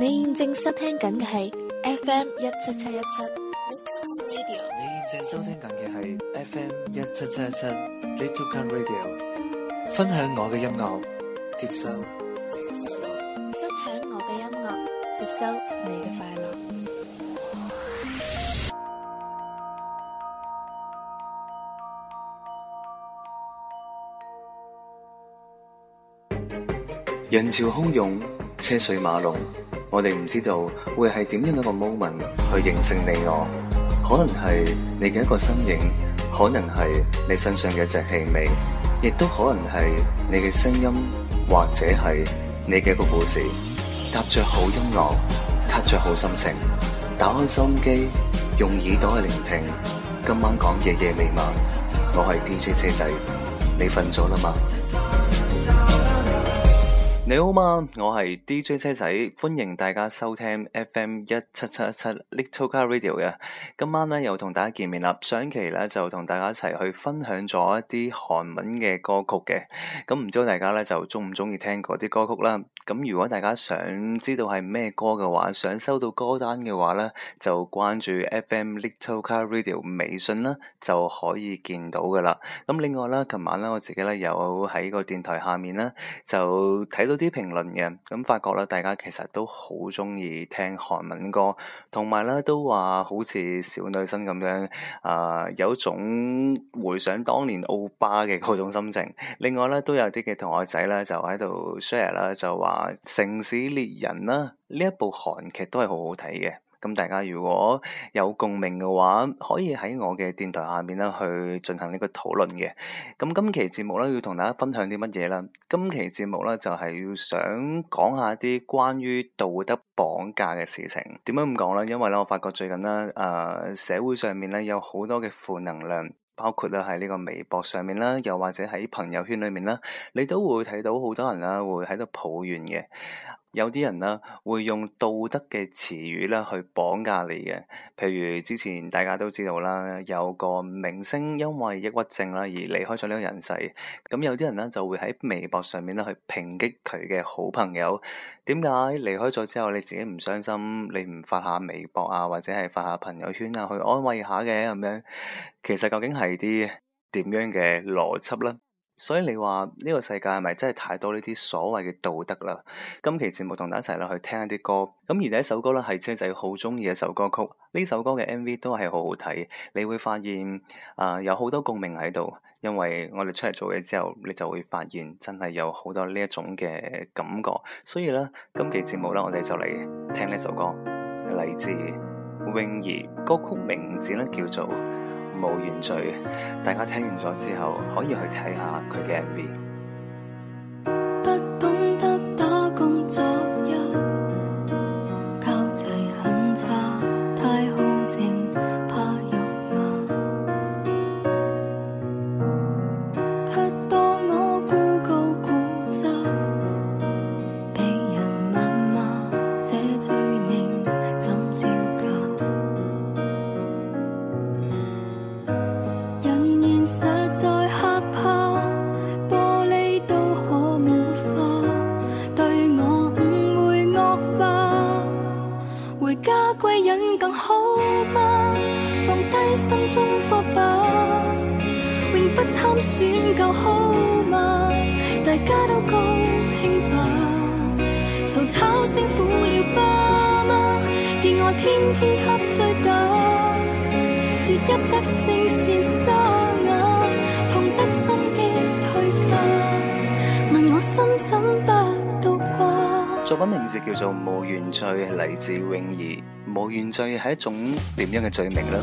你認證收聽緊嘅係 FM 一七七一七，你認證收聽緊嘅係 FM 一七七一七。Little Gun Radio，分享我嘅音樂接收你嘅快樂，分享我嘅音樂接收你嘅快樂。人潮洶湧，車水馬龍。我哋唔知道會係點樣一個 moment 去形成你我，可能係你嘅一個身影，可能係你身上嘅一隻氣味，亦都可能係你嘅聲音，或者係你嘅一個故事，搭着好音樂，搭着好心情，打開收音機，用耳朵去聆聽，今晚講《夜夜未晚》，我係 DJ 車仔，你瞓咗啦嘛？你好嘛，我係 DJ 車仔，歡迎大家收聽 FM 一七七一七 Little Car Radio 嘅。今晚咧又同大家見面啦，上期咧就同大家一齊去分享咗一啲韓文嘅歌曲嘅。咁唔知道大家咧就中唔中意聽嗰啲歌曲啦？咁如果大家想知道係咩歌嘅話，想收到歌單嘅話咧，就關注 FM Little Car Radio 微信啦，就可以見到噶啦。咁另外啦，琴晚咧我自己咧有喺個電台下面咧就睇到，啲評論嘅，咁發覺咧，大家其實都好鍾意聽韓文歌，同埋咧都話好似小女生咁樣啊、呃，有一種回想當年歐巴嘅嗰種心情。另外咧，都有啲嘅同學仔咧就喺度 share 啦，就話《城市獵人》啦呢一部韓劇都係好好睇嘅。咁大家如果有共鳴嘅話，可以喺我嘅電台下面咧去進行呢個討論嘅。咁今期節目咧要同大家分享啲乜嘢咧？今期節目咧就係要想講下啲關於道德綁架嘅事情。點解咁講咧？因為咧我發覺最近咧誒社會上面咧有好多嘅負能量，包括咧喺呢個微博上面啦，又或者喺朋友圈裏面啦，你都會睇到好多人啦會喺度抱怨嘅。有啲人呢會用道德嘅詞語呢去綁架你嘅，譬如之前大家都知道啦，有個明星因為抑鬱症啦而離開咗呢個人世，咁有啲人呢就會喺微博上面呢去抨擊佢嘅好朋友，點解離開咗之後你自己唔傷心？你唔發下微博啊，或者係發下朋友圈啊去安慰下嘅咁樣？其實究竟係啲點樣嘅邏輯呢？所以你話呢個世界係咪真係太多呢啲所謂嘅道德啦？今期節目同大家一齊啦去聽一啲歌，咁而第一首歌咧係車仔好中意嘅一首歌曲，呢首歌嘅 M V 都係好好睇，你會發現啊、呃、有好多共鳴喺度，因為我哋出嚟做嘢之後，你就會發現真係有好多呢一種嘅感覺，所以咧今期節目咧我哋就嚟聽呢首歌，嚟自泳兒，歌曲名字咧叫做。無完句，大家聽完咗之後可以去睇下佢嘅 MV。放低心中火把，永不參選夠好嗎？大家都高興吧，嘈吵聲苦了爸媽，見我天天給醉打，絕一得聲線沙啞，痛得心肌退化，問我心怎辦？作品名字叫做《無原罪》，嚟自泳兒。無原罪係一種點樣嘅罪名呢？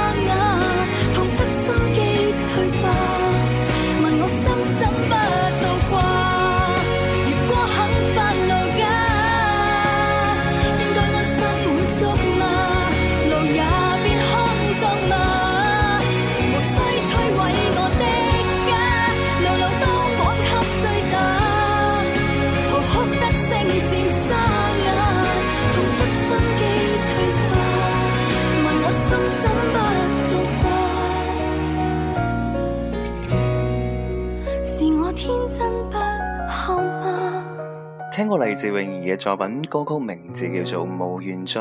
聽過黎智永儀嘅作品，歌曲名字叫做《無原罪》，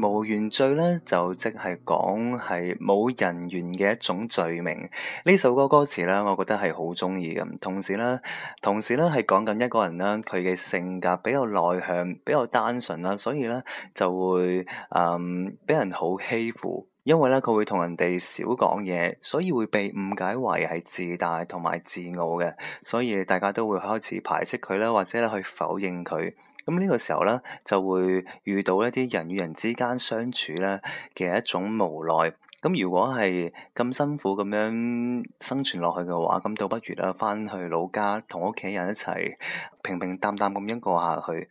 無原罪咧就即係講係冇人緣嘅一種罪名。呢首歌歌詞咧，我覺得係好中意嘅。同時咧，同時咧係講緊一個人啦，佢嘅性格比較內向，比較單純啦，所以咧就會誒嗯、俾人好欺負。因為咧，佢會同人哋少講嘢，所以會被誤解為係自大同埋自傲嘅，所以大家都會開始排斥佢啦，或者去否認佢。咁呢個時候咧，就會遇到一啲人與人之間相處咧嘅一種無奈。咁如果係咁辛苦咁樣生存落去嘅話，咁倒不如咧翻去老家同屋企人一齊平平淡淡咁樣過下去。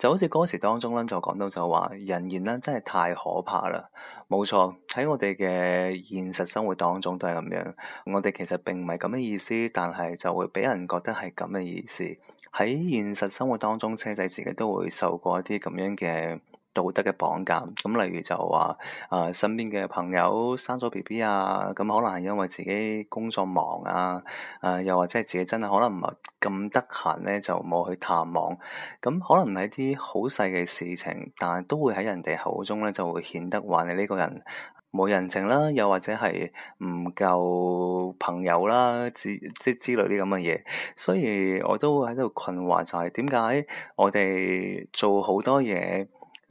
就好似歌詞當中咧，就講到就話人言咧真係太可怕啦。冇錯，喺我哋嘅現實生活當中都係咁樣。我哋其實並唔係咁嘅意思，但係就會俾人覺得係咁嘅意思。喺現實生活當中，車仔自己都會受過一啲咁樣嘅。道德嘅綁架咁，例如就話誒、呃，身邊嘅朋友生咗 B B 啊，咁可能係因為自己工作忙啊，誒、呃，又或者係自己真係可能唔係咁得閒咧，就冇去探望。咁可能係啲好細嘅事情，但係都會喺人哋口中咧，就會顯得話你呢個人冇人情啦，又或者係唔夠朋友啦，之即之類啲咁嘅嘢。所以我都喺度困惑、就是，就係點解我哋做好多嘢？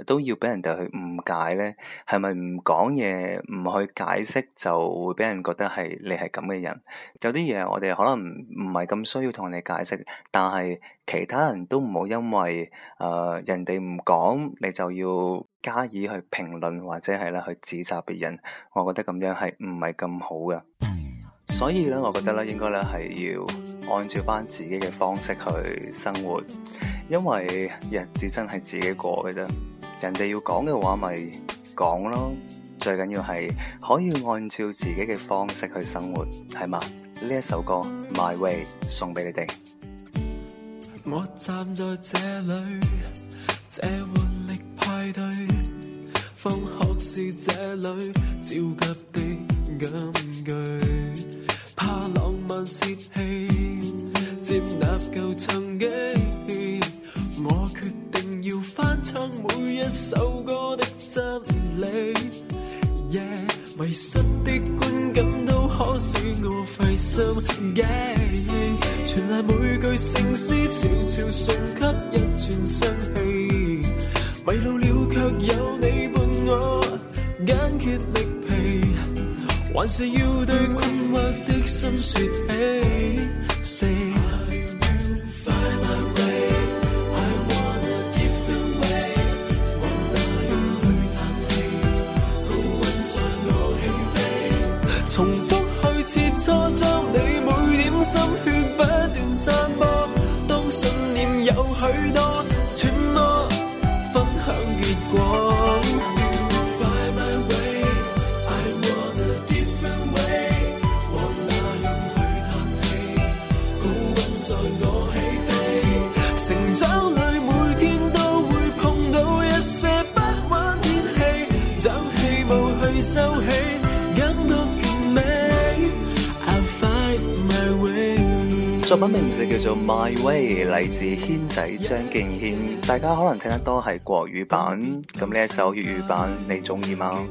都要俾人哋去誤解咧，係咪唔講嘢唔去解釋就會俾人覺得係你係咁嘅人？有啲嘢我哋可能唔唔係咁需要同人哋解釋，但係其他人都唔好因為誒、呃、人哋唔講，你就要加以去評論或者係咧去指責別人。我覺得咁樣係唔係咁好嘅。所以咧，我覺得咧應該咧係要按照翻自己嘅方式去生活，因為日子真係自己過嘅啫。人哋要講嘅話咪講咯，最緊要係可以按照自己嘅方式去生活，係嘛？呢一首歌《My Way》送俾你哋。每一首歌的真理、yeah，迷失的觀感都可使我費心、yeah。傳來每句聖詩，悄悄送給一串生氣。迷路了卻有你伴我，筋竭力疲，還是要對困惑的心説起。重複去切磋，將你每點心血不斷散播。當信念有許多，揣摩分享結果？作品名字叫做《My Way》，嚟自軒仔張敬軒，大家可能聽得多係國語版，咁呢一首粵語版你鍾意嗎？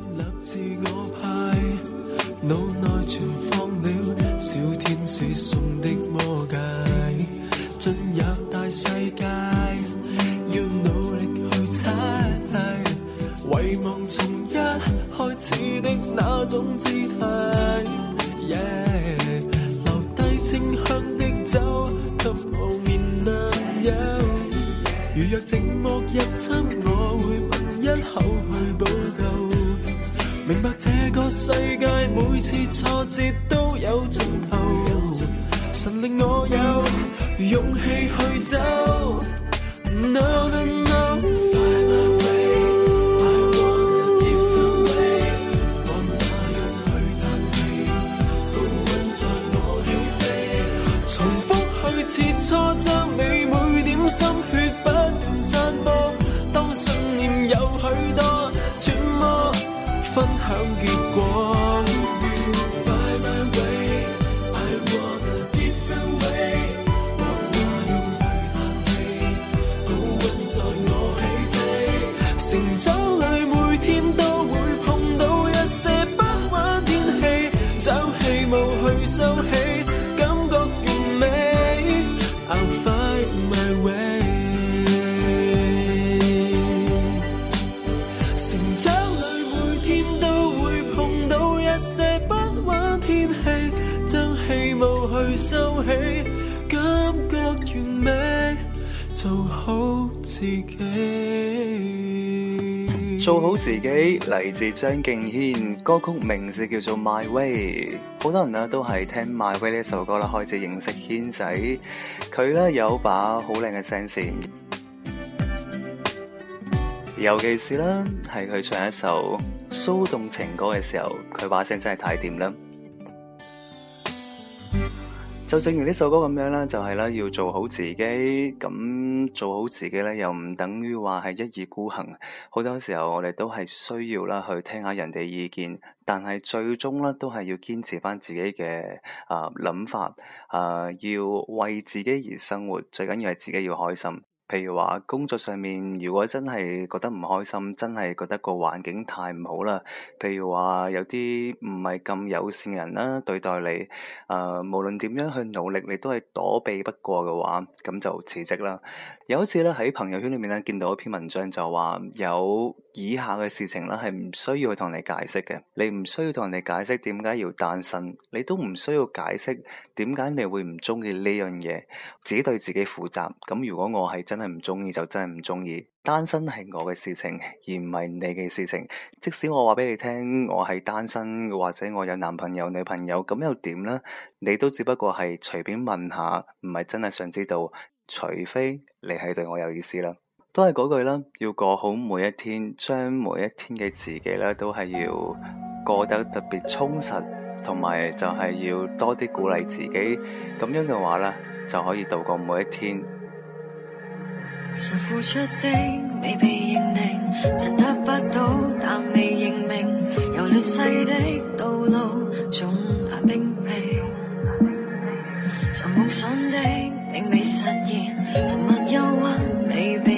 切磋將你每點心血不斷散播，當信念有許多，揣摩分享結果。收起感覺完美，做好自己，做好自己，嚟自張敬軒，歌曲名字叫做《My Way》。好多人呢都係聽《My Way》呢一首歌啦，開始認識軒仔。佢咧有把好靚嘅聲線，尤其是啦係佢唱一首騷動情歌嘅時候，佢把聲真係太掂啦。就正如呢首歌咁樣啦，就係啦，要做好自己，咁做好自己咧，又唔等於話係一意孤行。好多時候我哋都係需要啦，去聽下人哋意見，但係最終咧都係要堅持翻自己嘅啊諗法，啊要為自己而生活，最緊要係自己要開心。譬如話工作上面，如果真係覺得唔開心，真係覺得個環境太唔好啦，譬如話有啲唔係咁友善嘅人啦，對待你，誒、呃，無論點樣去努力，你都係躲避不過嘅話，咁就辭職啦。有一次咧，喺朋友圈裏面咧見到一篇文章，就話有。以下嘅事情咧，係唔需要去同你解釋嘅。你唔需要同人哋解釋點解要單身，你都唔需要解釋點解你會唔中意呢樣嘢。自己對自己負責。咁如果我係真係唔中意，就真係唔中意。單身係我嘅事情，而唔係你嘅事情。即使我話畀你聽，我係單身或者我有男朋友女朋友，咁又點呢？你都只不過係隨便問下，唔係真係想知道。除非你係對我有意思啦。都係嗰句啦，要過好每一天，將每一天嘅自己咧，都係要過得特別充實，同埋就係要多啲鼓勵自己，咁樣嘅話咧，就可以度過每一天。曾付出的未被認定，曾得不到但未認命，遊亂世的道路總難冰冰。曾夢想的仍未實現，沉默憂鬱未被。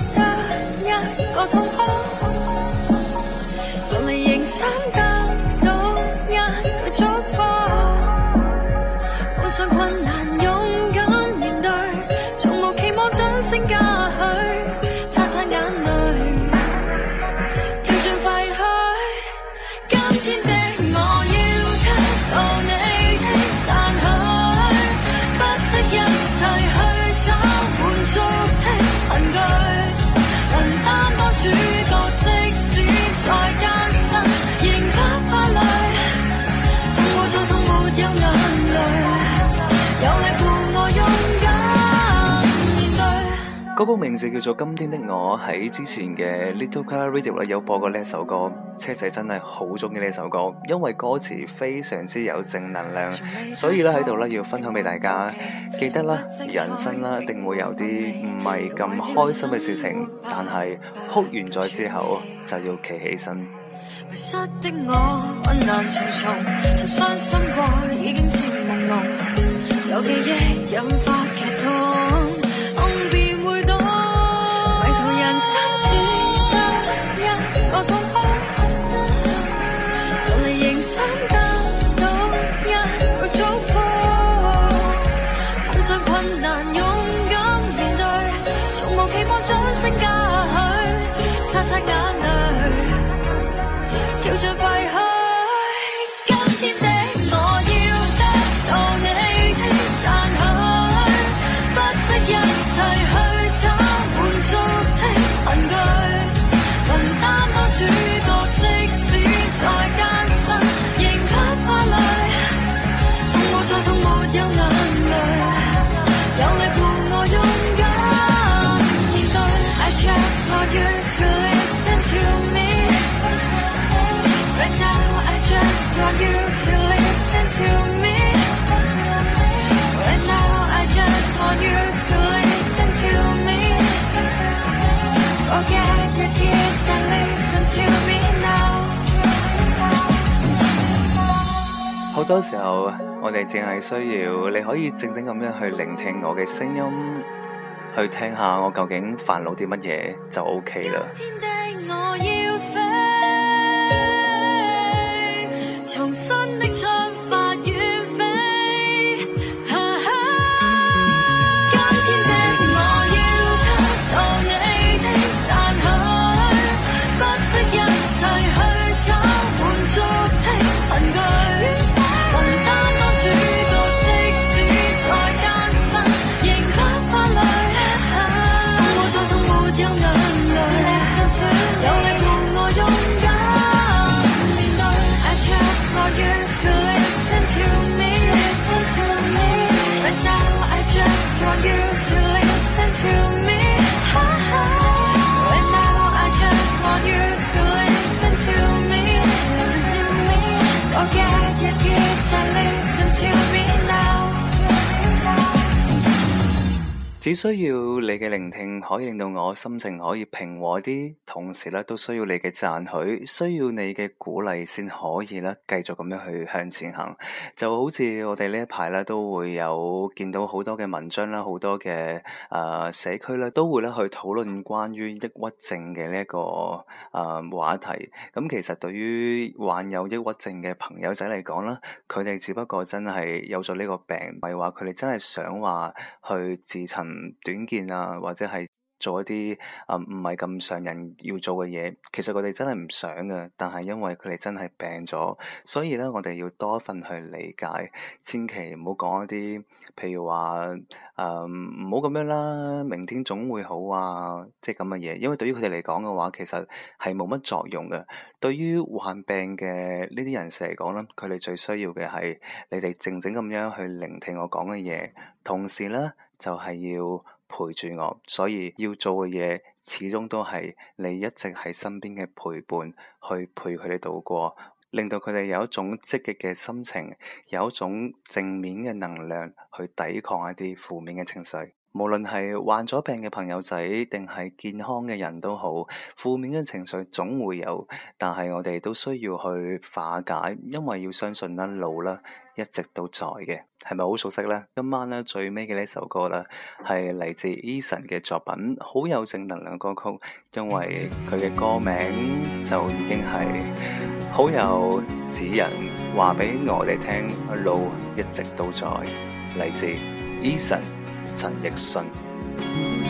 嗰個名字叫做《今天的我》，喺之前嘅 Little Car Radio 呢有播過呢一首歌，車仔真係好中意呢一首歌，因為歌詞非常之有正能量，所以咧喺度咧要分享俾大家。記得啦，人生啦一定會有啲唔係咁開心嘅事情，但係哭完咗之後就要企起身。擦擦眼淚，跳進廢墟。有時候我哋淨係需要，你可以靜靜咁樣去聆聽我嘅聲音，去聽下我究竟煩惱啲乜嘢就 OK 啦。只需要你嘅聆聽可以令到我心情可以平和啲，同時咧都需要你嘅讚許，需要你嘅鼓勵先可以咧繼續咁樣去向前行。就好似我哋呢一排咧都會有見到好多嘅文章啦，好多嘅誒、呃、社區咧都會咧去討論關於抑鬱症嘅呢一個誒、呃、話題。咁其實對於患有抑鬱症嘅朋友仔嚟講啦，佢哋只不過真係有咗呢個病，唔係話佢哋真係想話去自殘，短見啊，或者係做一啲啊唔係咁常人要做嘅嘢，其實佢哋真係唔想嘅，但係因為佢哋真係病咗，所以咧我哋要多一份去理解，千祈唔好講一啲，譬如話誒唔好咁樣啦，明天總會好啊，即係咁嘅嘢，因為對於佢哋嚟講嘅話，其實係冇乜作用嘅。對於患病嘅呢啲人士嚟講咧，佢哋最需要嘅係你哋靜靜咁樣去聆聽我講嘅嘢，同時咧。就係要陪住我，所以要做嘅嘢，始終都係你一直喺身邊嘅陪伴，去陪佢哋渡過，令到佢哋有一種積極嘅心情，有一種正面嘅能量，去抵抗一啲負面嘅情緒。無論係患咗病嘅朋友仔，定係健康嘅人都好，負面嘅情緒總會有，但係我哋都需要去化解，因為要相信一路啦。一直都在嘅，係咪好熟悉呢？今晚咧最尾嘅呢首歌咧，係嚟自 Eason 嘅作品，好有正能量歌曲，因為佢嘅歌名就已經係好有指引，話俾我哋聽，路一直都在，嚟自 Eason 陳奕迅。嗯。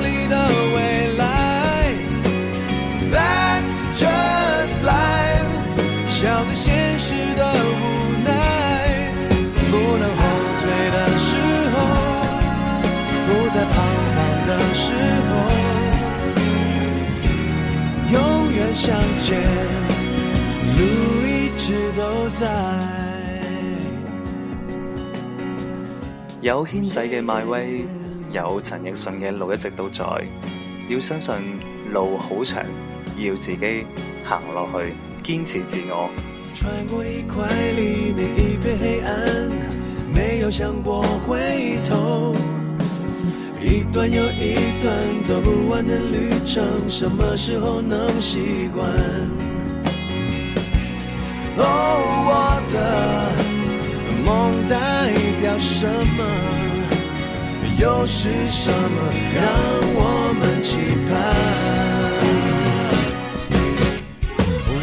有軒仔嘅邁威，有陳奕迅嘅路一直都在。要相信路好長，要自己行落去，堅持自我。穿過一片片黑暗，沒有想過回頭，一段又一段，又走不完的旅程，什麼時候能習慣，oh, 我的夢代表什麼？又是什麼讓我們期盼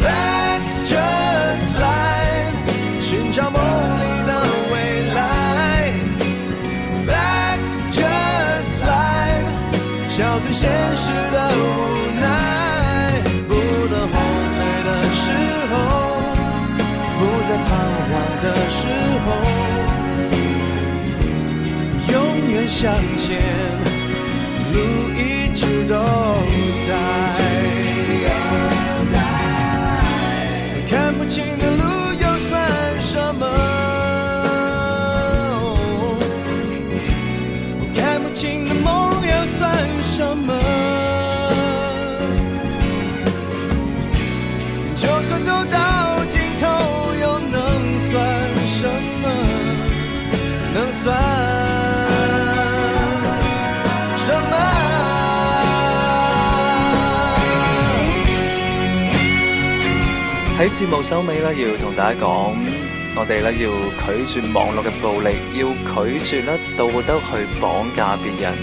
？That's just life，尋找夢裏的未來。That's just life，笑對現實的。向前，路一直都在。看不清的路又算什麼？我、哦、看不清的夢又算什麼？就算走到盡頭，又能算什麼？能算？節目收尾啦，要同大家講，我哋咧要拒絕網絡嘅暴力，要拒絕咧道德去綁架別人，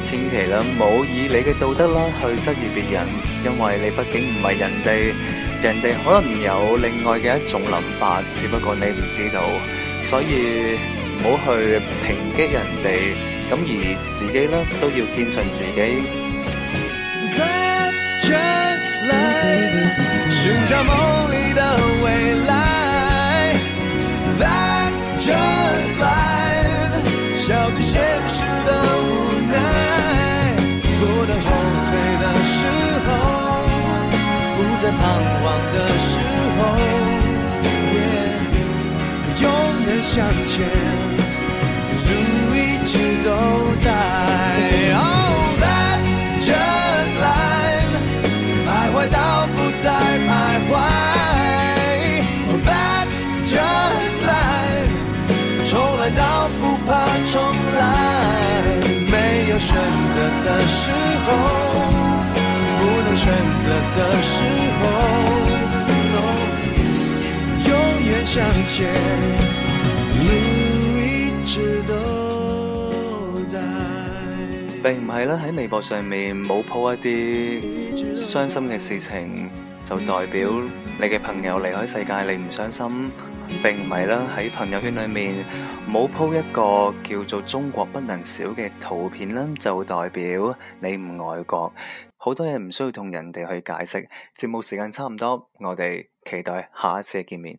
千祈啦冇以你嘅道德啦去質疑別人，因為你畢竟唔係人哋，人哋可能有另外嘅一種諗法，只不過你唔知道，所以唔好去抨擊人哋，咁而自己咧都要堅信自己。彷徨的時候，yeah，永遠向前，路一直都在。oh that's just life。徘徊到不再徘徊，oh that's just life。重來到不怕重來。沒有選擇的時候，不能選擇的時。時。並唔係啦，喺微博上面冇 po 一啲傷心嘅事情，就代表你嘅朋友離開世界你唔傷心，並唔係啦。喺朋友圈裏面冇 po 一個叫做“中國不能少”嘅圖片啦，就代表你唔愛國。好多嘢唔需要同人哋去解釋。節目時間差唔多，我哋期待下一次嘅見面。